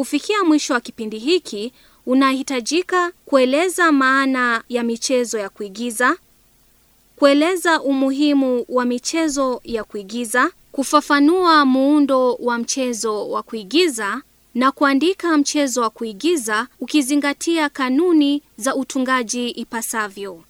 Kufikia mwisho wa kipindi hiki, unahitajika kueleza maana ya michezo ya kuigiza, kueleza umuhimu wa michezo ya kuigiza, kufafanua muundo wa mchezo wa kuigiza na kuandika mchezo wa kuigiza ukizingatia kanuni za utungaji ipasavyo.